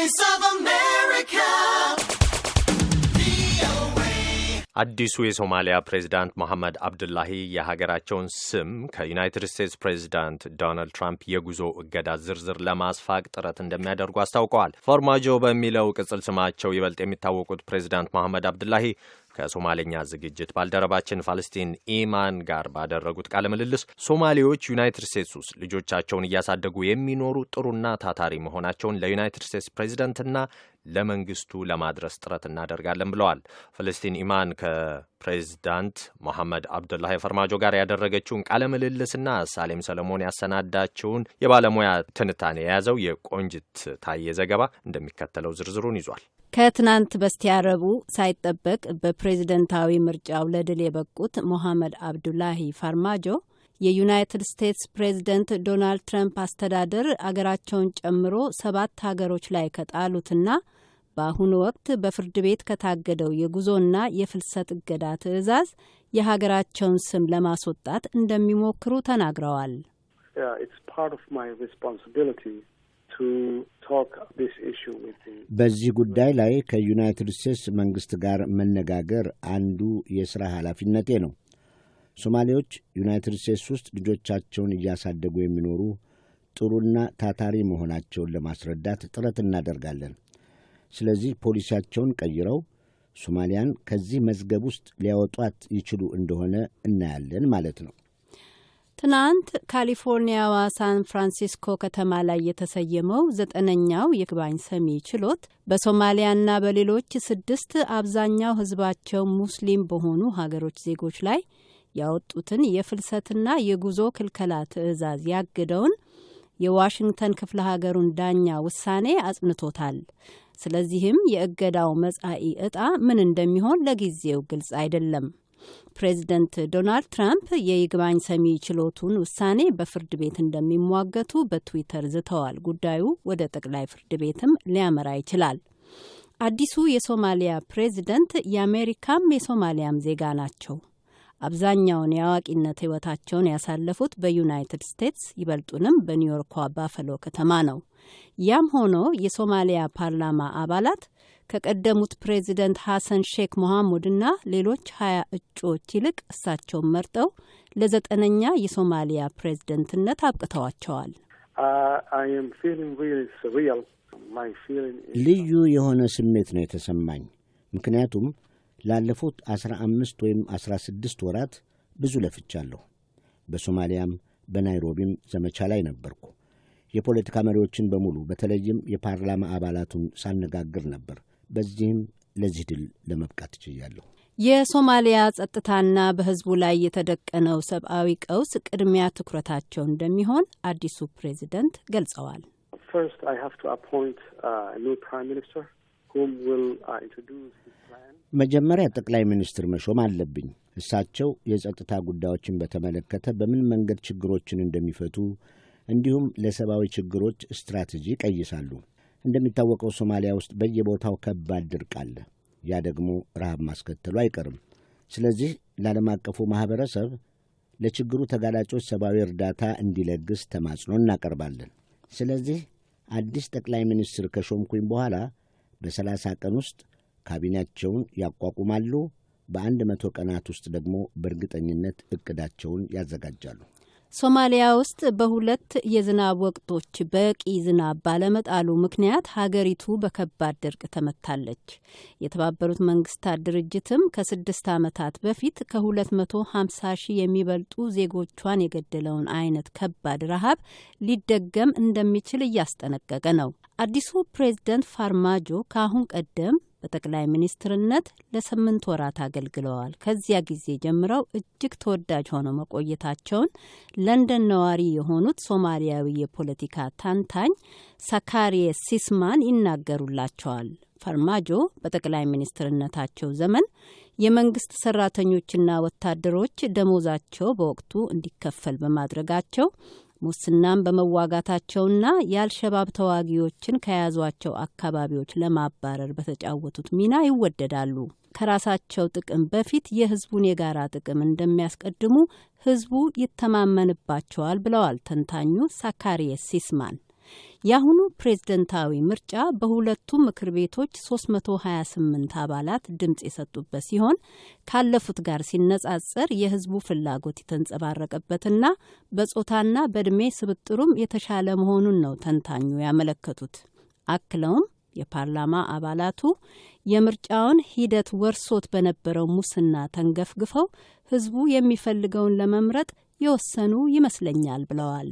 Voice አዲሱ የሶማሊያ ፕሬዚዳንት መሐመድ አብዱላሂ የሀገራቸውን ስም ከዩናይትድ ስቴትስ ፕሬዚዳንት ዶናልድ ትራምፕ የጉዞ እገዳ ዝርዝር ለማስፋቅ ጥረት እንደሚያደርጉ አስታውቀዋል። ፎርማጆ በሚለው ቅጽል ስማቸው ይበልጥ የሚታወቁት ፕሬዚዳንት መሐመድ አብዱላሂ ከሶማሌኛ ዝግጅት ባልደረባችን ፋለስቲን ኢማን ጋር ባደረጉት ቃለ ምልልስ ሶማሌዎች ዩናይትድ ስቴትስ ውስጥ ልጆቻቸውን እያሳደጉ የሚኖሩ ጥሩና ታታሪ መሆናቸውን ለዩናይትድ ስቴትስ ፕሬዚደንትና ለመንግስቱ ለማድረስ ጥረት እናደርጋለን ብለዋል። ፍልስጢን ኢማን ከፕሬዚዳንት ሞሐመድ አብዱላሂ ፈርማጆ ጋር ያደረገችውን ቃለ ምልልስና ሳሌም ሰለሞን ያሰናዳችውን የባለሙያ ትንታኔ የያዘው የቆንጅት ታየ ዘገባ እንደሚከተለው ዝርዝሩን ይዟል። ከትናንት በስቲያ ረቡዕ ሳይጠበቅ በፕሬዝደንታዊ ምርጫው ለድል የበቁት ሞሐመድ አብዱላሂ ፋርማጆ የዩናይትድ ስቴትስ ፕሬዝደንት ዶናልድ ትራምፕ አስተዳደር አገራቸውን ጨምሮ ሰባት ሀገሮች ላይ ከጣሉትና በአሁኑ ወቅት በፍርድ ቤት ከታገደው የጉዞና የፍልሰት እገዳ ትዕዛዝ የሀገራቸውን ስም ለማስወጣት እንደሚሞክሩ ተናግረዋል። በዚህ ጉዳይ ላይ ከዩናይትድ ስቴትስ መንግሥት ጋር መነጋገር አንዱ የሥራ ኃላፊነቴ ነው። ሶማሌዎች ዩናይትድ ስቴትስ ውስጥ ልጆቻቸውን እያሳደጉ የሚኖሩ ጥሩና ታታሪ መሆናቸውን ለማስረዳት ጥረት እናደርጋለን። ስለዚህ ፖሊሲያቸውን ቀይረው ሶማሊያን ከዚህ መዝገብ ውስጥ ሊያወጧት ይችሉ እንደሆነ እናያለን ማለት ነው። ትናንት ካሊፎርኒያዋ ሳን ፍራንሲስኮ ከተማ ላይ የተሰየመው ዘጠነኛው ይግባኝ ሰሚ ችሎት በሶማሊያና በሌሎች ስድስት አብዛኛው ሕዝባቸው ሙስሊም በሆኑ ሀገሮች ዜጎች ላይ ያወጡትን የፍልሰትና የጉዞ ክልከላ ትዕዛዝ ያገደውን የዋሽንግተን ክፍለ ሀገሩን ዳኛ ውሳኔ አጽንቶታል። ስለዚህም የእገዳው መጻኢ ዕጣ ምን እንደሚሆን ለጊዜው ግልጽ አይደለም። ፕሬዚደንት ዶናልድ ትራምፕ የይግባኝ ሰሚ ችሎቱን ውሳኔ በፍርድ ቤት እንደሚሟገቱ በትዊተር ዝተዋል። ጉዳዩ ወደ ጠቅላይ ፍርድ ቤትም ሊያመራ ይችላል። አዲሱ የሶማሊያ ፕሬዚደንት የአሜሪካም የሶማሊያም ዜጋ ናቸው። አብዛኛውን የአዋቂነት ህይወታቸውን ያሳለፉት በዩናይትድ ስቴትስ ይበልጡንም በኒውዮርኳ ባፈሎ ከተማ ነው። ያም ሆኖ የሶማሊያ ፓርላማ አባላት ከቀደሙት ፕሬዚደንት ሐሰን ሼክ ሞሐሙድና ሌሎች ሀያ እጩዎች ይልቅ እሳቸውን መርጠው ለዘጠነኛ የሶማሊያ ፕሬዝደንትነት አብቅተዋቸዋል። ልዩ የሆነ ስሜት ነው የተሰማኝ። ምክንያቱም ላለፉት አስራ አምስት ወይም አስራ ስድስት ወራት ብዙ ለፍቻለሁ። በሶማሊያም በናይሮቢም ዘመቻ ላይ ነበርኩ። የፖለቲካ መሪዎችን በሙሉ በተለይም የፓርላማ አባላቱን ሳነጋግር ነበር። በዚህም ለዚህ ድል ለመብቃት ችያለሁ። የሶማሊያ ጸጥታና በህዝቡ ላይ የተደቀነው ሰብአዊ ቀውስ ቅድሚያ ትኩረታቸው እንደሚሆን አዲሱ ፕሬዚደንት ገልጸዋል። uh, uh, መጀመሪያ ጠቅላይ ሚኒስትር መሾም አለብኝ። እሳቸው የጸጥታ ጉዳዮችን በተመለከተ በምን መንገድ ችግሮችን እንደሚፈቱ እንዲሁም ለሰብአዊ ችግሮች ስትራቴጂ ይቀይሳሉ። እንደሚታወቀው ሶማሊያ ውስጥ በየቦታው ከባድ ድርቅ አለ። ያ ደግሞ ረሃብ ማስከተሉ አይቀርም። ስለዚህ ለዓለም አቀፉ ማኅበረሰብ ለችግሩ ተጋላጮች ሰብአዊ እርዳታ እንዲለግስ ተማጽኖ እናቀርባለን። ስለዚህ አዲስ ጠቅላይ ሚኒስትር ከሾምኩኝ በኋላ በሰላሳ ቀን ውስጥ ካቢኔያቸውን ያቋቁማሉ። በአንድ መቶ ቀናት ውስጥ ደግሞ በእርግጠኝነት እቅዳቸውን ያዘጋጃሉ። ሶማሊያ ውስጥ በሁለት የዝናብ ወቅቶች በቂ ዝናብ ባለመጣሉ ምክንያት ሀገሪቱ በከባድ ድርቅ ተመታለች። የተባበሩት መንግስታት ድርጅትም ከስድስት ዓመታት በፊት ከ250 ሺህ የሚበልጡ ዜጎቿን የገደለውን አይነት ከባድ ረሃብ ሊደገም እንደሚችል እያስጠነቀቀ ነው። አዲሱ ፕሬዝደንት ፋርማጆ ከአሁን ቀደም በጠቅላይ ሚኒስትርነት ለስምንት ወራት አገልግለዋል። ከዚያ ጊዜ ጀምረው እጅግ ተወዳጅ ሆነው መቆየታቸውን ለንደን ነዋሪ የሆኑት ሶማሊያዊ የፖለቲካ ተንታኝ ሳካሪየ ሲስማን ይናገሩላቸዋል። ፈርማጆ በጠቅላይ ሚኒስትርነታቸው ዘመን የመንግስት ሰራተኞችና ወታደሮች ደሞዛቸው በወቅቱ እንዲከፈል በማድረጋቸው ሙስናን በመዋጋታቸውና የአልሸባብ ተዋጊዎችን ከያዟቸው አካባቢዎች ለማባረር በተጫወቱት ሚና ይወደዳሉ። ከራሳቸው ጥቅም በፊት የህዝቡን የጋራ ጥቅም እንደሚያስቀድሙ ህዝቡ ይተማመንባቸዋል ብለዋል ተንታኙ ሳካሪየስ ሲስማን። የአሁኑ ፕሬዝደንታዊ ምርጫ በሁለቱ ምክር ቤቶች 328 አባላት ድምፅ የሰጡበት ሲሆን ካለፉት ጋር ሲነጻጸር የህዝቡ ፍላጎት የተንጸባረቀበትና በጾታና በእድሜ ስብጥሩም የተሻለ መሆኑን ነው ተንታኙ ያመለከቱት። አክለውም የፓርላማ አባላቱ የምርጫውን ሂደት ወርሶት በነበረው ሙስና ተንገፍግፈው ህዝቡ የሚፈልገውን ለመምረጥ የወሰኑ ይመስለኛል ብለዋል።